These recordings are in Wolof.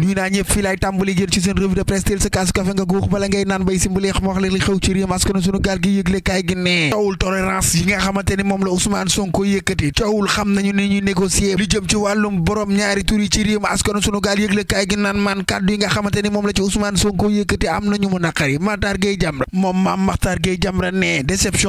nuyu naa ñëpp fii laay tàmbali jël ci seen revue de presse teel sa kaasu kafe nga guux bala ngay naan bay simbali wax li xew ci réew mi askanu sunu gaal gi yëgle gi ne coowul tolérance yi nga xamante ni moom la Ousmane Sonko yëkkati coowul xam nañu ni ñuy négocier li jëm ci wàllum borom ñaari tur ci réew mi askanu sunu gaal yëgle gi naan man kàddu yi nga xamante moom la ci Ousmane Sonko yëkkati am nañu mu naqari Matar Gueye Jamra moom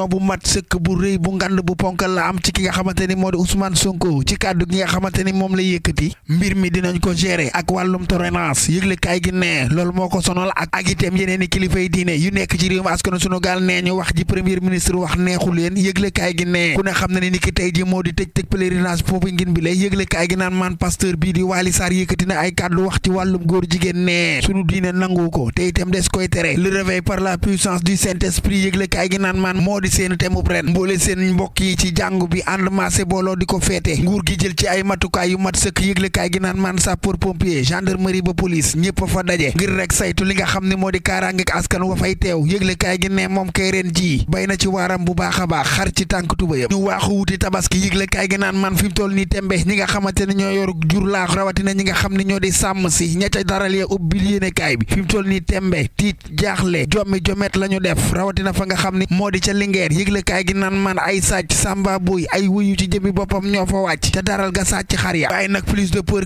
bu mat bu rëy bu bu ponkal am ci ki nga xamante ni moo di Ousmane Sonko ci kàddu gi nga xamante ni moom la yëkkati mbir mi dinañ ko ak wàllum intolérance yëgle gi nee loolu moo ko sonal ak ak itam yeneen i kilifa diine yu nekk ci réewum askanu sunu gaal nee ñu wax ji premier ministre wax neexu leen yëgle gi nee ku ne xam ne ni ki tey ji moo di tëj tëj pèlerinage boobu ngin bi la yëgle gi naan man pasteur bii di Waly Sarr yëkkati na ay wax ci wàllum góor jigéen nee sunu diine nangu ko te itam des koy tere le réveil par la puissance du Saint-Esprit yëgle gi naan gendarmerie ba police ñëpp fa daje ngir rek saytu li nga xam ne moo di kaaraangeeg askan wa fay teew yëglekaay gi ne moom kay a baax xar ci tànk tuba yëpp ñu waaxu wuti tabaski yëglekaay gi naan man fi mu toll nii tembe ñi nga xamante ne ñoo yoru jur rawatina ñi nga xam ne ñoo di sàmm si ña ca daral ya ubbi yéenekaay bi fi mu toll nii tembe tiit jaaxle jommi jomet la ñu def rawatina fa nga xam ni moo di ca lingeer yëglekaay gi naan man ay sàcc sàmba buy ay wuyu ci jëmi boppam ñoo fa wàcc ca daral ga sàcc xar ya waaye nag plus de peur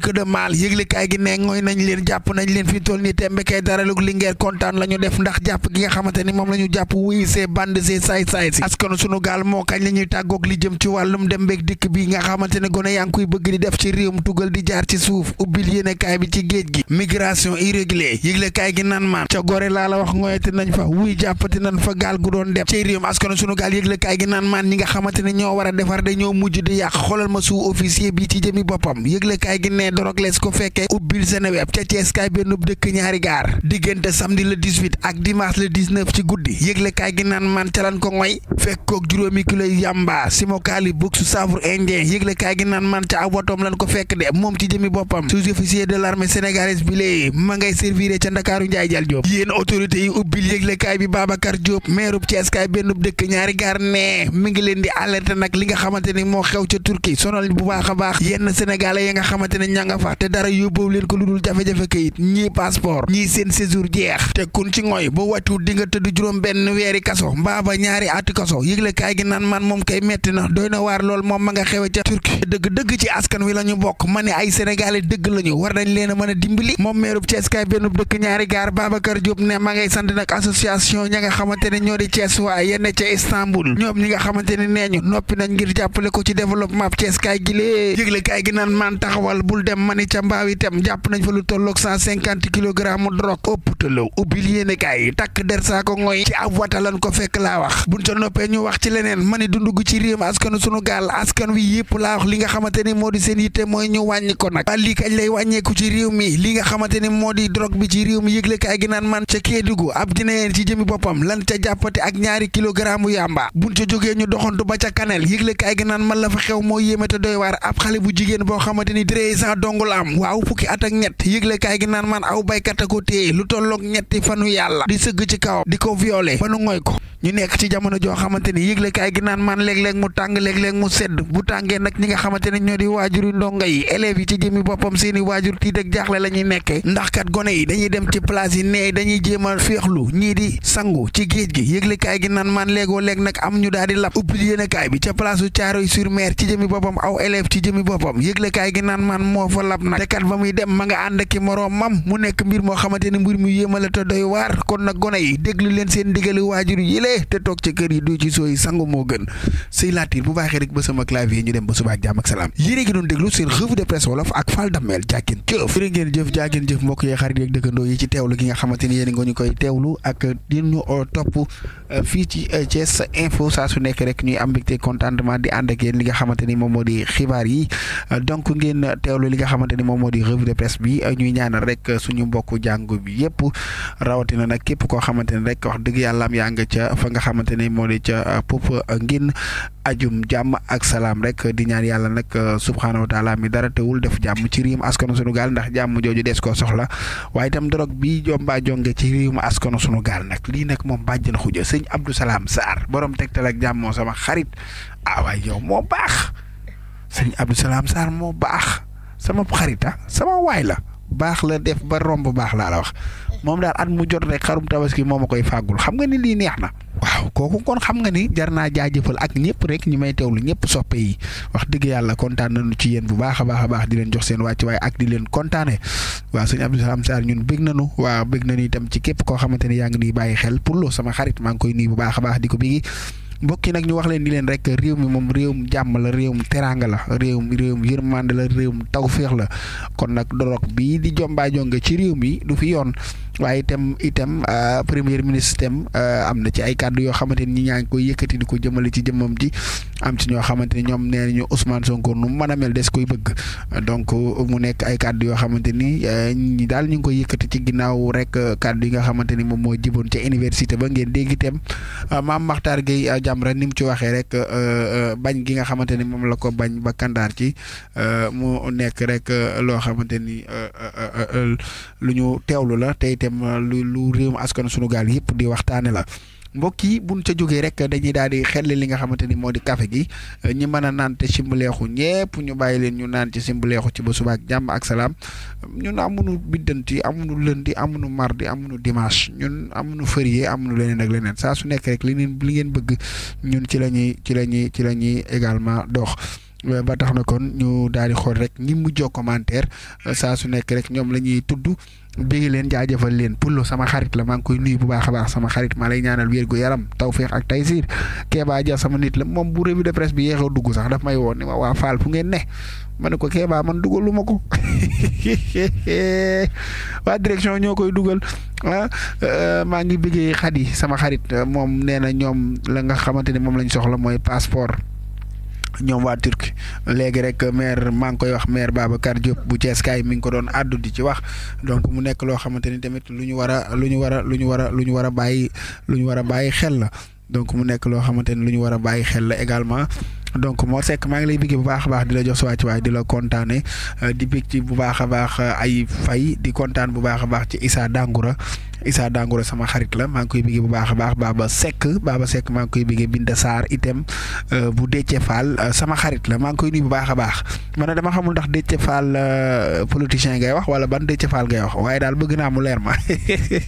nañ leen jàpp nañ leen fi toll nii tembe kay daralug Linguère kontaan la ñu def ndax jàpp gi nga xamante ni moom la ñu jàpp wuyu see bande see saay saay si askanu sunu gaal moo kañ la ñuy tàggoog li jëm ci wàllum dem beeg dikk bi nga xamante gone yaa ngi koy bëgg di def ci réewum tugal di jaar ci suuf ubbil yéenekaay bi ci géej gi migration irrégulière yëglekaay gi nan maan ca gore laa la wax ngoyete nañ fa wuy jàppati nañ fa gaal gu doon dem ci réewum askanu sunu gaal yëglekaay gi nan maan ñi nga xamante ne ñoo war a defar dañoo mujj di yàq ma sous officier bi ci web ca Thiès kaay bennub dëkk ñaari gaar diggante samedi le 18 ak dimanche le 19 ci guddi yëgle gi naan man ca lan ko ngoy fekk kook juróomi kilo yamba simokaali buksu saafur indien yëgle gi naan man ca ab wotoom lan ko fekk de moom ci jëmi boppam sous-officier de l'armée sénégalaise bi lee ma ngay servir ca ndakaaru njaay jal Diop yéen autorité yi ubbil yëgle bi Babacar Diop mairub Thiès kaay bennub dëkk ñaari gaar ne mi ngi leen di alerté nag li nga xamante ni moo xew ca Turquie sonal bu a baax yenn sénégalais yi nga xamante nga fa te dara jafe-jafe kayit ñii passeport ñii seen séjour jeex te kun ci ngooy boo wàccu di tëdd juróom benn weeri kaso mbaa ba ñaari ati kaso yëgle kaay gi naan man na doy na waar lool moom ma nga xewe ca wi la ñu bokk ma ne ay sénégalais dëgg la ñu war nañ leen a mën a dimbali moom meerub Thiès kaay bennub dëkk ñaari gaar Babacar Diop ña nga xamante ne ñoo di Thiès waa yenn ca Istanbul ñoom ñi nga xamante ne nee ñu noppi nañ ngir jàppale ko ci développement Thiès kaay gi lee yëgle kaay gi naan man taxawal bul dem ma ca mbaaw itam jàpp nañ fa lu tolloog cent cinquante kilogramme drogue ëpp tëlaw ubbil yéene kaay yi takk der saako ngooy ci ab watalan ko fekk laa wax buñ ca noppee ñu wax ci leneen ma ni dund gu ci réew askanu sunu gaal askan wi yëpp moo di seen yitte mooy ñu wàññi ko nag lii kañ lay wàññeeku mi li nga xamante ni moo di drogue bi ci réew mi yëgle kaay gi naan man ca Kédougou ab dinaeen ci jëmi boppam lan ca jàppati ak ñaari kilogramme yamba buñ ca jógee ñu doxantu ba ca kanel yëgle kaay gi naan man la fa xew moo yéeme te doy waar ab xale bu jigéen boo xamante ni treize ans dong la am yëglekaay gi naan maan aw baykat a ko téye lu tolloog ñetti fanu yàlla di sëgg ci kawam di ko violé fanu nu ngoy ko ñu nekk ci jamono joo xamante ni yëglekaay gi naan man léeg-léeg mu tàng léeg-léeg mu sedd bu tàngee nag ñi nga xamante ne ñoo di waajuri ndongo yi élèves yi ci jëmmi boppam seeni waajur tiit ak jaaxle la ñuy nekkee ndax kat gone yi dañuy dem ci place yi nee dañuy jéem a féexlu ñii di sangu ci géej gi yëglekaay gi naan man léegoo léeg nag am ñu daal di lab ubbi yéenekaay bi ca place u Caaroy sur Mer ci jëmi boppam aw élève ci jëmi boppam yëglekaay gi man moo fa lab nag te kat muy dem ma nga ànd ki moroom mam mu nekk mbir moo xamante ne mbir mu yéemale te doy waar kon nag gone yi déglu leen seen diggali waajur yi lee te toog ci kër yi du ci sooy sangu moo gën sëy laatiir bu baaxee rek ba sama clavier ñu dem ba suba ak jàmm ak salaam yéen a ngi doon déglu seen revue de presse wolof ak Fall Damel jàkkeen jëf di ñu uh, topp uh, fii ci uh, Thiès info saa su nekk rek ñuy am mbégte contentement li nga xamante ni moom moo di xibaar yi donc ngeen teewlu li nga xamante ni moom moo di revue de presse bi ñuy ñaanal rek suñu mbokk jàngu bi yépp rawatina nag képp koo xamante rek wax dëgg yàlla am yaa nga ca fa nga xamante ni moo di ca uh, Pouf uh, Ngin ajum jàmm ak salaam rek di ñaan yàlla nag uh, subhaanahu wa taala mi dara teewul def jàmm ci réewum askanu sunu gaal ndax jàmm jooju des koo soxla waaye itam dorog bi jomba jonge ci réewum askanu sunu gaal nag lii nag moom bàjj na xuja sëñ Abdou Salaam Sarr borom tegtal ak jàmmoo sama xarit ah waay moo baax sëñ Abdou Salaam Sarr moo baax sama xarita ah, sama waay la baax la def ba romb baax laa moom daal mu jot rek xarum tabaski moo ma koy fàggul xam nga ni lii neex na. waaw kooku kon xam nga ni jar naa jaajëfal ak ñëpp rek ñu may teewlu ñëpp soppe yi wax dëgg yàlla kontaan nañu ci yéen bu baax a baax a baax di leen jox seen wàcc waaye ak di leen kontaane waaw sëñ Abdou Salam Sarr ñun bég nañu waaw bég nañu itam ci képp koo xamante ne yaa ngi nuy bàyyi xel pour loo sama xarit maa ngi koy nuy bu baax a baax di ko bigi mbokk yi nag ñu wax leen ni leen rek réew mi moom réewum jàmm la réewum teraanga la réewum réewum yërmande la réewum tawféex la kon nag dorog bii di jombaa jonge ci réew mi du fi yoon waaye itam itam ah, premier ministre itam ah, am na ci ay kàddu yoo xamante ni ñaa ngi koy yëkkati di ko jëmale ci jëmmam ji am ci ñoo xamante ni ñoom nee nañu Ousmane Sonko nu mën a mel des koy bëgg donc mu nekk ay kàddu yoo xamante ni eh, ñi daal ñu ngi koy yëkkati ci ginnaaw rek eh, kàddu yi nga xamante ni moom moo jiboon ca ba ngeen dégg itam ah, maam Makhtar Gueye Jamra ni mu ci waxee rek eh, bañ gi nga xamante ni moom la ko bañ ba kandaar ci mu nekk rek loo xamante ni lu ñu teewlu la tey itam euh, lu lu réewum askan sunu gaal yëpp di waxtaane la mbokk yi buñ ca jógee rek dañuy daal di xelli li nga xamante ni moo di café gi euh, ñi man a naan te simbaleexu ñëpp ñu bàyyi leen ñu naan ci simbaleexu ci ba suba ak jàmm ak salaam ñun amuñu biddanti amuñu lundi amuñu mardi amuñu dimanche ñun amuñu férié amuñu leneen ak leneen saa su nekk rek li ngeen li ngeen bëgg ñun ci la ñuy ci la ñuy ci la ñuy également dox. Euh, ba tax na kon ñu daal di xool rek ñi mujjoo commentaire euh, saa su nekk rek ñoom la ñuy tudd bégg leen jaajëfal leen Pullo sama xarit la maa ngi koy nuyu bu baax a baax sama xarit maa lay ñaanal wér gu yaram tawféex ak taysiir Kéba Dia sama nit la moom bu revue de presse bi yéexoo dugg sax daf may woon ni ma waa Fall fu ngeen ne ma ne ko keebaa man dugalu ma ko waa direction ñoo koy dugal ah euh, maa ngi bëggee Xadi sama xarit moom nee na ñoom la nga xamante ne moom lañ soxla mooy passeport. ñoom waa Turquie léegi rek maire maa ngi koy wax maire Babacar Diop bu Thiès kaay mi ngi ko doon àddu di ci wax donc mu nekk loo xamante ni tamit lu ñu war a lu ñu war a lu ñu war a lu ñu war a bàyyi lu ñu war a bàyyi xel la donc mu nekk loo xamante ni lu ñu war a bàyyi xel la également donc moo sekk maa ngi lay bëgg bu baax a baax di la jox sa wàccuwaay di la kontaane euh, di bëgg ci bu baax a baax euh, ay fay di kontaan bu baax a baax ci Issa Dangoura Issa Dangoura sama xarit la maa ngi koy bëgg bu baax a baax Baba Seck Baba Seck maa ngi koy bëgg Binda Sarr itam euh, bu Déthié Fall sama xarit la maa ngi koy nuyu bu baax a baax man dama xamul ndax Déthié Fall politicien ngay wax wala ban Déthié Fall ngay wax waaye daal bëgg naa mu leer ma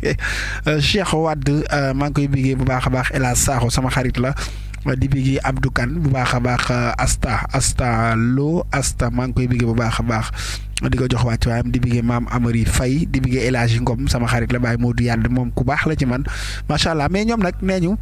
Cheikh Wade maa ngi koy bëgg bu baax a baax El Hadj sama xarit la. di bigi Abdou Kane bu baax a baax euh, asta asta loo asta maa ngi koy bigi bu baax a baax di ko jox wàcc waayam di bigi maam Amary fay di bigi El Hadji Ngom sama xarit la Baye Modou Yàdd moom ku baax la ci man macha allah mais ñoom nag nee ñu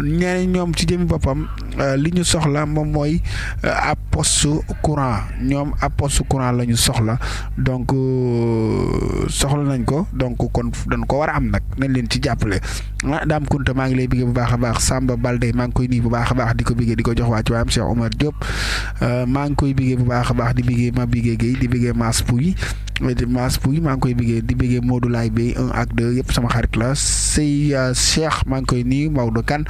ñeneen ñoom ci jëmi boppam euh, li ñu soxla moom mooy euh, ab poste courant ñoom ab poste courant la ñu soxla donc euh, soxla nañ ko donc kon dan ko war a am nag nañ leen ci jàppale ah daam kunta maa ngi lay bëggee bu baax a baax Samba Balde maa ngi koy nii bu baax a baax di ko bëggee di ko jox waa ci waayam Cheikh Omar Diop maa ngi koy bëggee bu baax a baax di bëggee ma bëggee Guèye di bëggee Mass Pouy di Mass Pouy maa ngi koy biggee di bëggee Modou Laye Bey 1 ak yëpp sama xarit la Sey euh, Cheikh maa ngi koy nii Maodo Kane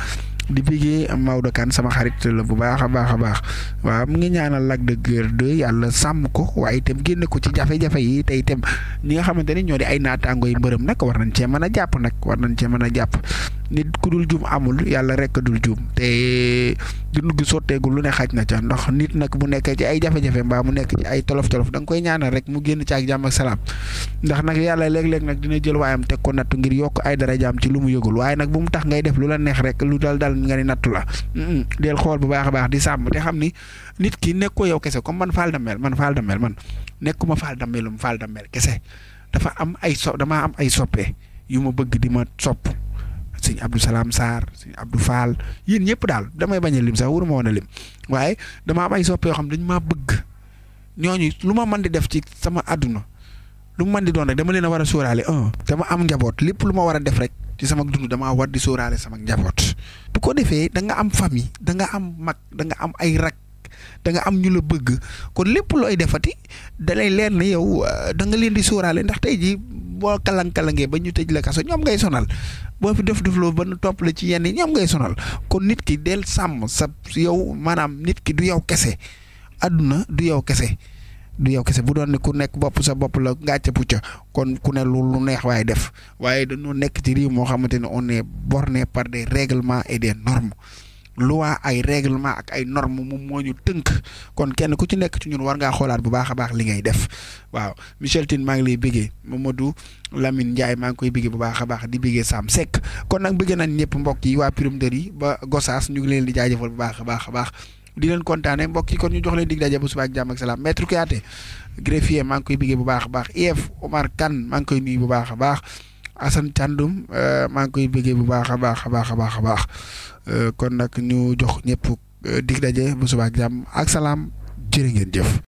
di bëggee Maodo Kane sama xarit la bu baax a baax a baax waaw mu ngi ñaanal Lac de Guiers 2 yàlla sàmm ko waaye itam génn ko ci jafe-jafe yi tey tem ñi nga xamante ne ñoo di ay naataangooy mbërëm nag war nañ cee mën a jàpp nag war nañ cee mën a jàpp. nit ku dul juum amul yàlla rek dul juum te dund gi sotteegul lu ne xaj na ca ndax nit nag bu nekkee ci ay jafe-jafe mbaa mu nekk ci ay tolof-tolof danga koy ñaanal rek mu génn ci ak jàmm ak salaam ndax nag yàlla léeg-léeg nag dina jël waayam teg ko nattu ngir yokk ay dara jaam ci lu mu yëgul waaye nag bu mu tax ngay def lu la neex rek lu dal dal nga ni nattu la del xool bu baax a baax di sàmm te xam ni nit ki nekkoo ko yow kese comme man faal damel man faal damel man nekkuma faal damelum faal damel kese dafa am ay so dama am ay soppe yu ma bëgg di ma sopp sëñ Abdou Salaam Sarr sëñ Abdou faal yéen ñëpp daal damay bañ a lim sax waruma woon a lim waaye dama am ay soppe yoo xam dañu maa bëgg ñooñu lu ma mën di def ci sama àdduna lu mu mën di doon rek dama leen a war a sóoraale un dama am njaboot lépp lu ma war a def rek ci sama dund damaa war di sóoraale sama njaboot bu ko defee da nga am famille danga am mag da nga am ay rak da nga am ñu la bëgg kon lépp looy defati da leen leer ne yow euh, da nga leen di sóoraale ndax tey jii boo kalang-kalangee ba ñu tëj la kaso ñoom ngay sonal boo fi def defloo ba nu topp la ci yenn ñoom ngay sonal kon nit ki del sàmm sa yow maanaam nit ki du yow kese àdduna du yow kese du yow kese bu doon ne ku nekk bopp sa bopp la ngàcce pucca kon ku ne lu lu neex waaye def waaye dañoo nekk ci réew moo xamante ne on est borné par des réglement et des normes loi ay règlement ak ay norme moom moo ñu tënk kon kenn ku ci nekk ci ñun war ngaa xoolaat bu baax a baax li ngay def waaw Michel Tine maa ngi lay bëggee Mamadou Lamine Ndiaye maa ngi koy bëggee bu baax a baax di bëggee Sam Seck kon nag bëgg nañ ñëpp mbokk yi waa Piroumdër yi ba Gossas ñu ngi leen di jaajëfal bu baax baax a baax di leen kontaane mbokk yi kon ñu jox leen dig daje bu suba ak jàmm ak salaam maître Kouyaté greffier maa ngi koy bëggee bu baax a baax IF Omar kan maa ngi koy nuyu bu baax a baax Assane Thiandoum euh, maa ngi koy bëggee bu baax a baax a baax a baax a baax euh, kon nag ñu jox ñëpp euh, dig daje bu subaa ak jàmm ak salaam jërë ngeen jëf.